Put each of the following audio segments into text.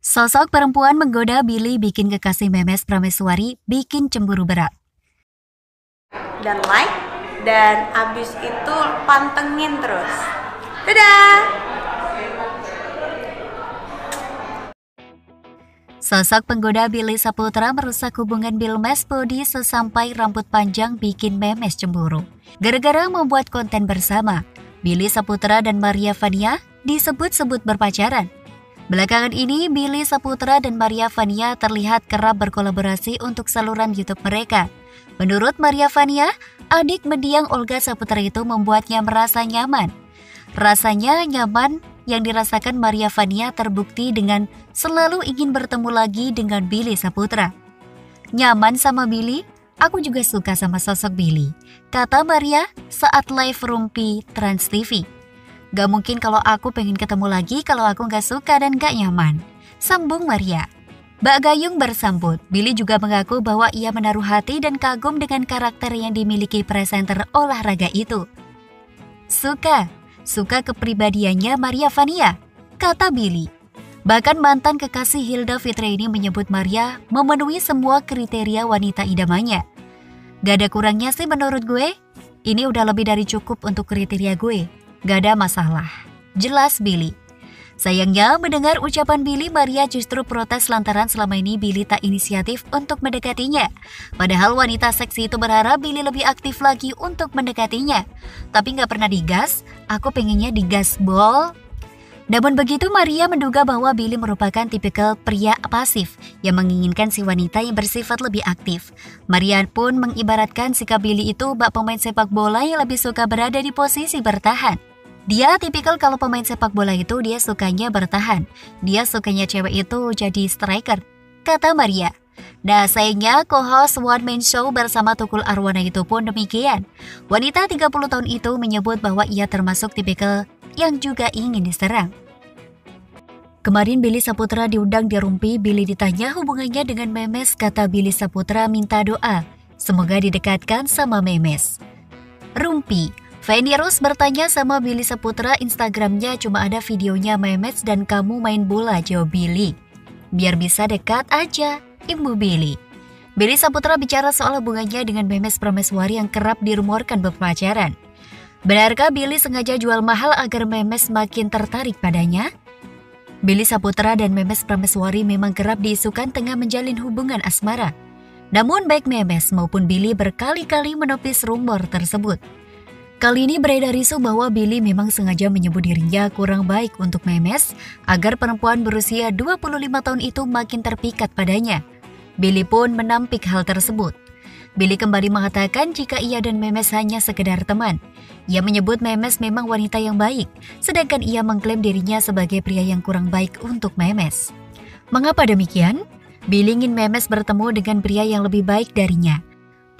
Sosok perempuan menggoda Billy bikin kekasih memes Prameswari bikin cemburu berat. Dan like, dan abis itu pantengin terus. Dadah! Sosok penggoda Billy Saputra merusak hubungan Bill Mespodi sesampai rambut panjang bikin memes cemburu. Gara-gara membuat konten bersama, Billy Saputra dan Maria Vania disebut-sebut berpacaran Belakangan ini, Billy Saputra dan Maria Vania terlihat kerap berkolaborasi untuk saluran YouTube mereka. Menurut Maria Vania, adik mendiang Olga Saputra itu membuatnya merasa nyaman. Rasanya nyaman yang dirasakan Maria Vania terbukti dengan selalu ingin bertemu lagi dengan Billy Saputra. Nyaman sama Billy? Aku juga suka sama sosok Billy, kata Maria saat live Rumpi TransTV. Gak mungkin kalau aku pengen ketemu lagi kalau aku gak suka dan gak nyaman. Sambung Maria. Mbak Gayung bersambut. Billy juga mengaku bahwa ia menaruh hati dan kagum dengan karakter yang dimiliki presenter olahraga itu. Suka, suka kepribadiannya Maria Vania, kata Billy. Bahkan mantan kekasih Hilda Fitri ini menyebut Maria memenuhi semua kriteria wanita idamannya. Gak ada kurangnya sih menurut gue, ini udah lebih dari cukup untuk kriteria gue, Gak ada masalah. Jelas Billy. Sayangnya, mendengar ucapan Billy, Maria justru protes lantaran selama ini Billy tak inisiatif untuk mendekatinya. Padahal wanita seksi itu berharap Billy lebih aktif lagi untuk mendekatinya. Tapi nggak pernah digas, aku pengennya digas bol. Namun begitu Maria menduga bahwa Billy merupakan tipikal pria pasif yang menginginkan si wanita yang bersifat lebih aktif. Maria pun mengibaratkan sikap Billy itu bak pemain sepak bola yang lebih suka berada di posisi bertahan. Dia tipikal kalau pemain sepak bola itu dia sukanya bertahan. Dia sukanya cewek itu jadi striker, kata Maria. Nah, sayangnya co-host One Man Show bersama Tukul Arwana itu pun demikian. Wanita 30 tahun itu menyebut bahwa ia termasuk tipikal yang juga ingin diserang. Kemarin Billy Saputra diundang di Rumpi, Billy ditanya hubungannya dengan Memes, kata Billy Saputra minta doa. Semoga didekatkan sama Memes. Rumpi, Fendi Rus bertanya sama Billy Seputra, Instagramnya cuma ada videonya Memes dan kamu main bola, jawab Billy. Biar bisa dekat aja, Ibu Billy. Billy Saputra bicara soal hubungannya dengan Memes Prameswari yang kerap dirumorkan berpacaran. Benarkah Billy sengaja jual mahal agar Memes makin tertarik padanya? Billy Saputra dan Memes Prameswari memang kerap diisukan tengah menjalin hubungan asmara. Namun baik Memes maupun Billy berkali-kali menepis rumor tersebut. Kali ini beredar isu bahwa Billy memang sengaja menyebut dirinya kurang baik untuk Memes agar perempuan berusia 25 tahun itu makin terpikat padanya. Billy pun menampik hal tersebut. Billy kembali mengatakan jika ia dan Memes hanya sekedar teman. Ia menyebut Memes memang wanita yang baik, sedangkan ia mengklaim dirinya sebagai pria yang kurang baik untuk Memes. Mengapa demikian? Billy ingin Memes bertemu dengan pria yang lebih baik darinya.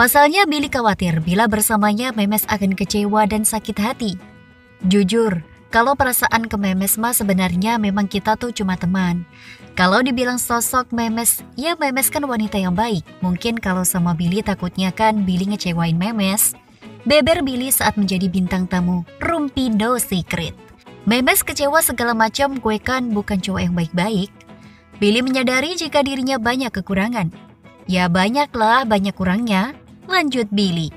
Pasalnya Billy khawatir bila bersamanya Memes akan kecewa dan sakit hati. Jujur, kalau perasaan ke Memes mah sebenarnya memang kita tuh cuma teman. Kalau dibilang sosok Memes, ya Memes kan wanita yang baik. Mungkin kalau sama Billy takutnya kan Billy ngecewain Memes. Beber Billy saat menjadi bintang tamu Rumpi Rumpindo Secret. Memes kecewa segala macam gue kan bukan cowok yang baik-baik. Billy menyadari jika dirinya banyak kekurangan. Ya banyaklah banyak kurangnya, lanjut Billy.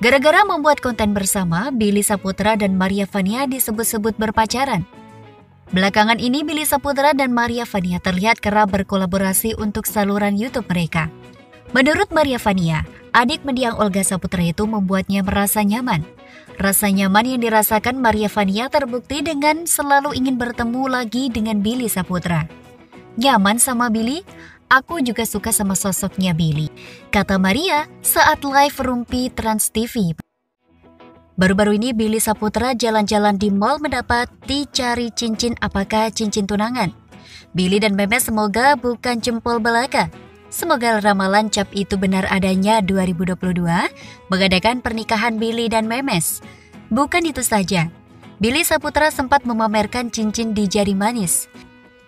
Gara-gara membuat konten bersama, Billy Saputra dan Maria Vania disebut-sebut berpacaran. Belakangan ini Billy Saputra dan Maria Vania terlihat kerap berkolaborasi untuk saluran YouTube mereka. Menurut Maria Vania, adik mendiang Olga Saputra itu membuatnya merasa nyaman. Rasa nyaman yang dirasakan Maria Vania terbukti dengan selalu ingin bertemu lagi dengan Billy Saputra. Nyaman sama Billy? Aku juga suka sama sosoknya Billy, kata Maria saat live Rumpi Trans TV. Baru-baru ini Billy Saputra jalan-jalan di mall mendapat dicari cincin apakah cincin tunangan. Billy dan Memes semoga bukan jempol belaka. Semoga ramalan cap itu benar adanya 2022 mengadakan pernikahan Billy dan Memes. Bukan itu saja, Billy Saputra sempat memamerkan cincin di jari manis.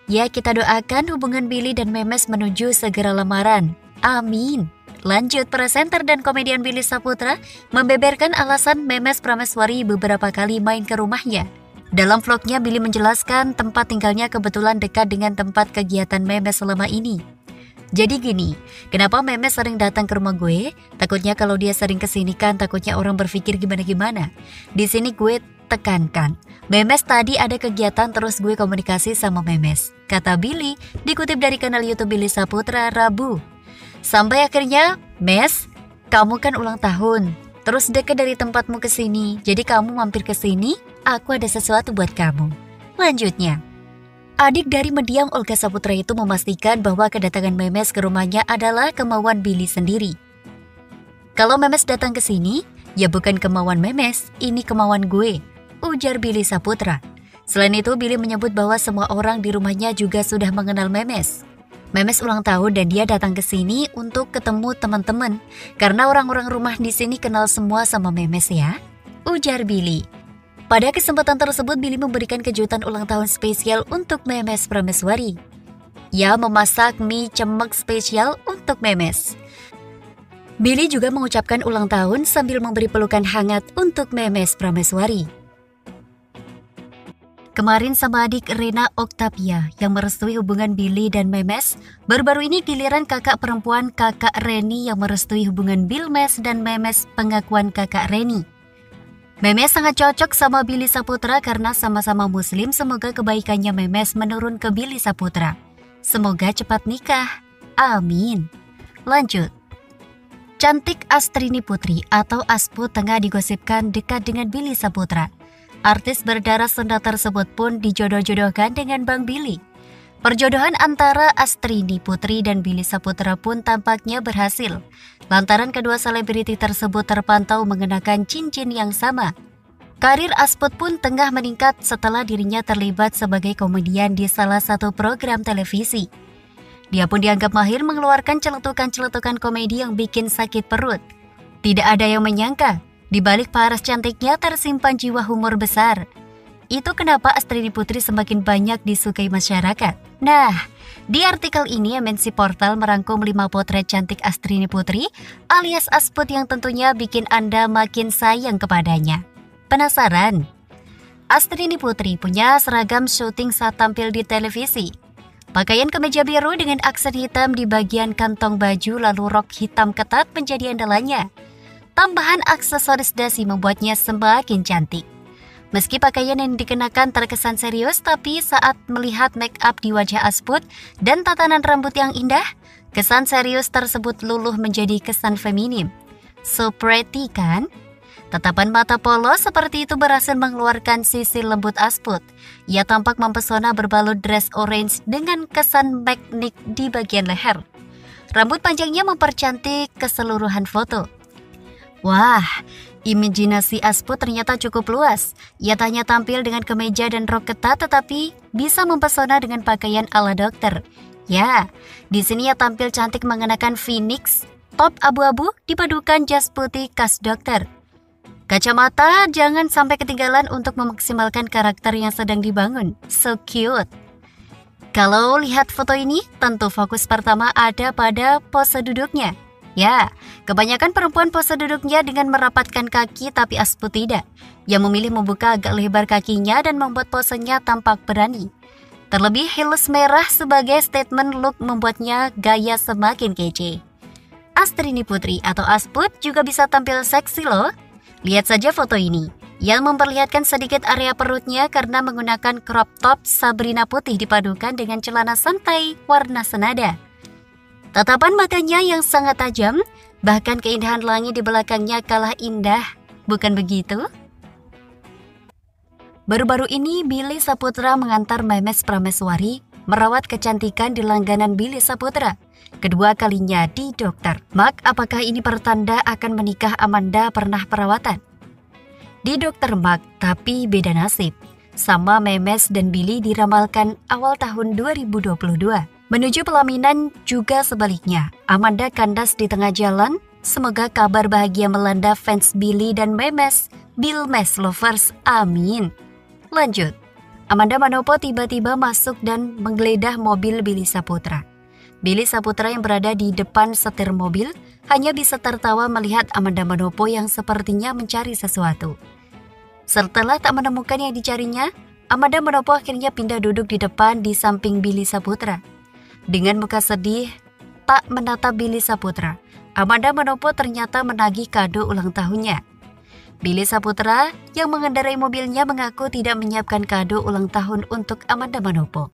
Ya, kita doakan hubungan Billy dan Memes menuju segera lamaran. Amin. Lanjut, presenter dan komedian Billy Saputra membeberkan alasan Memes Prameswari beberapa kali main ke rumahnya. Dalam vlognya, Billy menjelaskan tempat tinggalnya kebetulan dekat dengan tempat kegiatan Memes selama ini. Jadi gini, kenapa Memes sering datang ke rumah gue? Takutnya kalau dia sering kesini kan takutnya orang berpikir gimana-gimana. Di sini gue tekankan. Memes tadi ada kegiatan terus gue komunikasi sama Memes, kata Billy dikutip dari kanal Youtube Billy Saputra Rabu. Sampai akhirnya, Mes, kamu kan ulang tahun. Terus deket dari tempatmu ke sini, jadi kamu mampir ke sini, aku ada sesuatu buat kamu. Lanjutnya, Adik dari mediam Olga Saputra itu memastikan bahwa kedatangan Memes ke rumahnya adalah kemauan Billy sendiri. Kalau Memes datang ke sini, ya bukan kemauan Memes, ini kemauan gue ujar Billy Saputra. Selain itu, Billy menyebut bahwa semua orang di rumahnya juga sudah mengenal Memes. Memes ulang tahun dan dia datang ke sini untuk ketemu teman-teman. Karena orang-orang rumah di sini kenal semua sama Memes ya, ujar Billy. Pada kesempatan tersebut, Billy memberikan kejutan ulang tahun spesial untuk Memes Prameswari. Ia memasak mie cemek spesial untuk Memes. Billy juga mengucapkan ulang tahun sambil memberi pelukan hangat untuk Memes Prameswari. Kemarin sama adik Rena Octavia yang merestui hubungan Billy dan Memes, baru-baru ini giliran kakak perempuan kakak Reni yang merestui hubungan Bill Mes dan Memes pengakuan kakak Reni. Memes sangat cocok sama Billy Saputra karena sama-sama muslim semoga kebaikannya Memes menurun ke Billy Saputra. Semoga cepat nikah. Amin. Lanjut. Cantik Astrini Putri atau Aspu tengah digosipkan dekat dengan Billy Saputra. Artis berdarah Sunda tersebut pun dijodoh-jodohkan dengan Bang Billy. Perjodohan antara Astrini Putri dan Billy Saputra pun tampaknya berhasil. Lantaran kedua selebriti tersebut terpantau mengenakan cincin yang sama. Karir Asput pun tengah meningkat setelah dirinya terlibat sebagai komedian di salah satu program televisi. Dia pun dianggap mahir mengeluarkan celetukan-celetukan komedi yang bikin sakit perut. Tidak ada yang menyangka di balik paras cantiknya tersimpan jiwa humor besar. Itu kenapa Astridi Putri semakin banyak disukai masyarakat. Nah, di artikel ini MNC Portal merangkum 5 potret cantik Astrini Putri alias Asput yang tentunya bikin Anda makin sayang kepadanya. Penasaran? Astrini Putri punya seragam syuting saat tampil di televisi. Pakaian kemeja biru dengan aksen hitam di bagian kantong baju lalu rok hitam ketat menjadi andalannya tambahan aksesoris dasi membuatnya semakin cantik. Meski pakaian yang dikenakan terkesan serius, tapi saat melihat make up di wajah Asput dan tatanan rambut yang indah, kesan serius tersebut luluh menjadi kesan feminim. So pretty kan? Tatapan mata Polo seperti itu berhasil mengeluarkan sisi lembut Asput. Ia tampak mempesona berbalut dress orange dengan kesan magnik di bagian leher. Rambut panjangnya mempercantik keseluruhan foto. Wah, imajinasi Aspo ternyata cukup luas. Ia tanya tampil dengan kemeja dan rok ketat tetapi bisa mempesona dengan pakaian ala dokter. Ya, di sini ia tampil cantik mengenakan phoenix, top abu-abu dipadukan jas putih khas dokter. Kacamata jangan sampai ketinggalan untuk memaksimalkan karakter yang sedang dibangun. So cute. Kalau lihat foto ini, tentu fokus pertama ada pada pose duduknya. Ya, kebanyakan perempuan pose duduknya dengan merapatkan kaki tapi Aspu tidak. Ia memilih membuka agak lebar kakinya dan membuat posenya tampak berani. Terlebih heels merah sebagai statement look membuatnya gaya semakin kece. Astrini Putri atau Asput juga bisa tampil seksi loh. Lihat saja foto ini. Yang memperlihatkan sedikit area perutnya karena menggunakan crop top Sabrina putih dipadukan dengan celana santai warna senada. Tatapan matanya yang sangat tajam, bahkan keindahan langit di belakangnya kalah indah, bukan begitu? Baru-baru ini, Billy Saputra mengantar Memes Prameswari merawat kecantikan di langganan Billy Saputra. Kedua kalinya di dokter. Mak, apakah ini pertanda akan menikah Amanda pernah perawatan? Di dokter Mak, tapi beda nasib. Sama Memes dan Billy diramalkan awal tahun 2022. Menuju pelaminan juga sebaliknya, Amanda kandas di tengah jalan. Semoga kabar bahagia melanda fans Billy dan Memes, Bill Mes Lovers, amin. Lanjut, Amanda Manopo tiba-tiba masuk dan menggeledah mobil Billy Saputra. Billy Saputra yang berada di depan setir mobil hanya bisa tertawa melihat Amanda Manopo yang sepertinya mencari sesuatu. Setelah tak menemukan yang dicarinya, Amanda Manopo akhirnya pindah duduk di depan di samping Billy Saputra. Dengan muka sedih, tak menatap Billy Saputra. Amanda Manopo ternyata menagih kado ulang tahunnya. Billy Saputra yang mengendarai mobilnya mengaku tidak menyiapkan kado ulang tahun untuk Amanda Manopo.